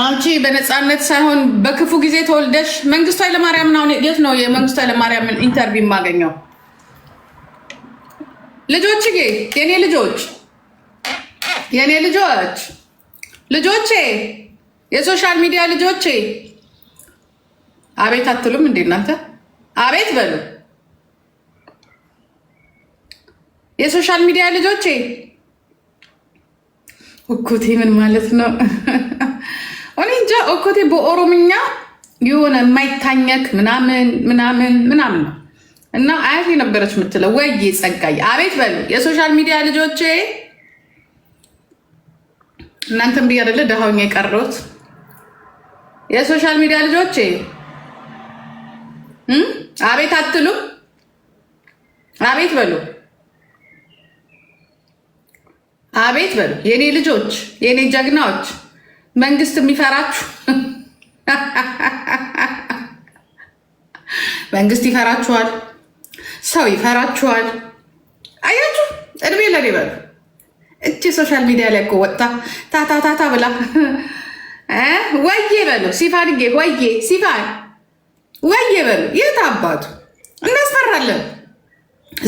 አንቺ በነፃነት ሳይሆን በክፉ ጊዜ ተወልደሽ መንግስቱ ኃይለማርያምን አሁን የት ነው የመንግስቱ ኃይለማርያምን ኢንተርቪው የማገኘው? ልጆችዬ፣ የኔ ልጆች፣ የኔ ልጆች፣ ልጆቼ፣ የሶሻል ሚዲያ ልጆቼ፣ አቤት አትሉም እንዴ እናንተ? አቤት በሉ የሶሻል ሚዲያ ልጆቼ። እኩቴ ምን ማለት ነው? እኔ እንጃ እኮቴ በኦሮምኛ የሆነ የማይታኘክ ምናምን ምናምን ምናምን ነው እና አያት የነበረች የምትለው ወይ ጸጋይ አቤት በሉ የሶሻል ሚዲያ ልጆቼ እናንተም ብዬ አይደለ ደሃውኛ የቀረሁት የሶሻል ሚዲያ ልጆቼ አቤት አትሉ አቤት በሉ አቤት በሉ የእኔ ልጆች የእኔ ጀግናዎች መንግስት የሚፈራችሁ መንግስት ይፈራችኋል፣ ሰው ይፈራችኋል። አያችሁ፣ እድሜ ለኔ በሉ። እቺ ሶሻል ሚዲያ ላይ እኮ ወጥታ ታታታታ ብላ ወዬ በሉ ሲፋን ጌ ወዬ ሲፋን ወዬ በሉ የት አባቱ እናስፈራለን።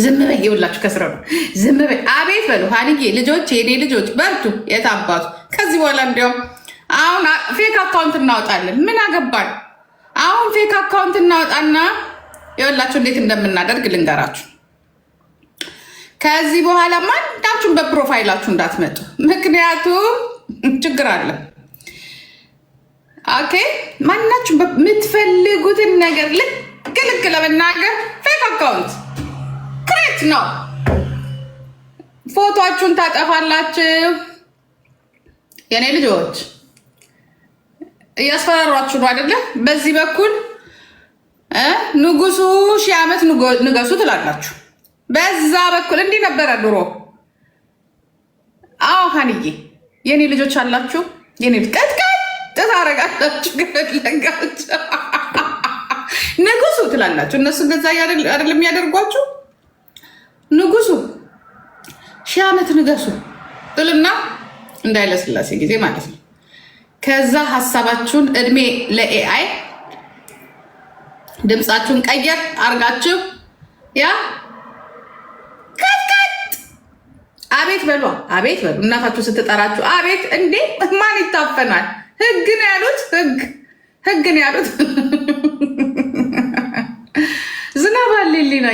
ዝም በይ ይውላችሁ፣ ከስረ ነው። ዝም በይ አቤት በሉ ሀንዬ፣ ልጆች የኔ ልጆች በርቱ። የት አባቱ ከዚህ በኋላ እንዲያውም አሁን ፌክ አካውንት እናወጣለን። ምን አገባል? አሁን ፌክ አካውንት እናወጣና የወላችሁ እንዴት እንደምናደርግ ልንገራችሁ። ከዚህ በኋላ ማንዳችሁን በፕሮፋይላችሁ እንዳትመጡ፣ ምክንያቱም ችግር አለ። ኦኬ ማናችሁ የምትፈልጉትን ነገር ልክ ልክ ለመናገር ፌክ አካውንት ክሬት ነው። ፎቶችሁን ታጠፋላችሁ የኔ ልጆች እያስፈራሯችሁ ነው አይደለም በዚህ በኩል ንጉሱ ሺህ ዓመት ንገሱ ትላላችሁ። በዛ በኩል እንዲህ ነበረ ድሮ። አዎ ሀንዬ፣ የኔ ልጆች አላችሁ። የኔ ቀጥቀጥ አረጋላችሁ ገለጋቸው ንጉሱ ትላላችሁ። እነሱ ገዛ አይደለም የሚያደርጓችሁ። ንጉሱ ሺህ ዓመት ንገሱ ጥልና እንዳይለስላሴ ጊዜ ማለት ነው ከዛ ሀሳባችሁን እድሜ ለኤአይ ድምፃችሁን ቀየር አርጋችሁ ያ ከትከት አቤት በሏ፣ አቤት በሉ። እናታችሁ ስትጠራችሁ አቤት እንዴ! ማን ይታፈናል? ህግ ነው ያሉት፣ ህግ ህግ ነው ያሉት። ዝናብ አሌሊና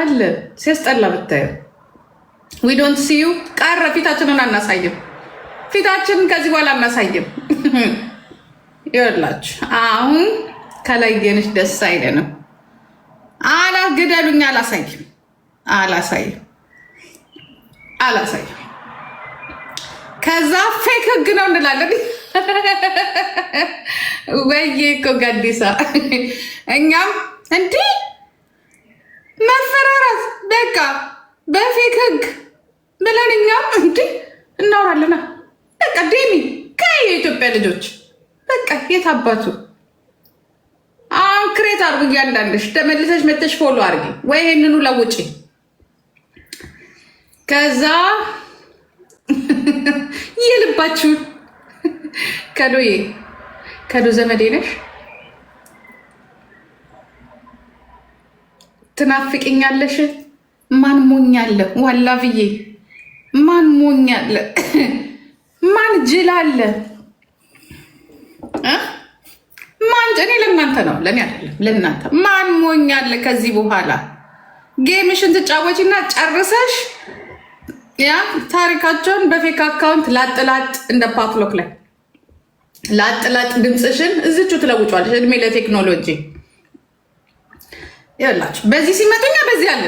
አለ ሲያስጠላ ብታየው። ዊ ዶንት ሲዩ ቀረ ፊታችንን አናሳይም። ፊታችንን ከዚህ በኋላ አናሳይም። ይወላችሁ አሁን ከለየንሽ ደስ አይለንም። አላ ግደሉኝ፣ አላሳይም፣ አላሳይም፣ አላሳይም። ከዛ ፌክ ህግ ነው እንላለን። ወይ እኮ ጋዲሳ እኛም እንዲህ መፈራራት በቃ በፌክ ህግ የትግራይ ልጆች በቃ የት አባቱ አሁን ክሬት አርጉ። እያንዳንድሽ ተመልሰሽ መተሽ ፎሎ አርጊ ወይ ይህንኑ ለውጪ። ከዛ የልባችሁን ከዶዬ ከዶ ዘመዴ ነሽ ትናፍቅኛለሽ። ማን ሞኛለ ዋላ ብዬ ማን ሞኛለ ማን ጅላለ ማን እኔ ለእናንተ ነው ለእኔ አይደለም ለእናንተ ማን ሞኛለ ከዚህ በኋላ ጌምሽን ትጫወችና ጨርሰሽ ያ ታሪካቸውን በፌክ አካውንት ላጥላጥ እንደ ፓትሎክ ላይ ላጥላጥ ድምፅሽን እዝቹ ትለውጫለሽ እድሜ ለቴክኖሎጂ ይላችሁ በዚህ ሲመጡኛ በዚህ አለ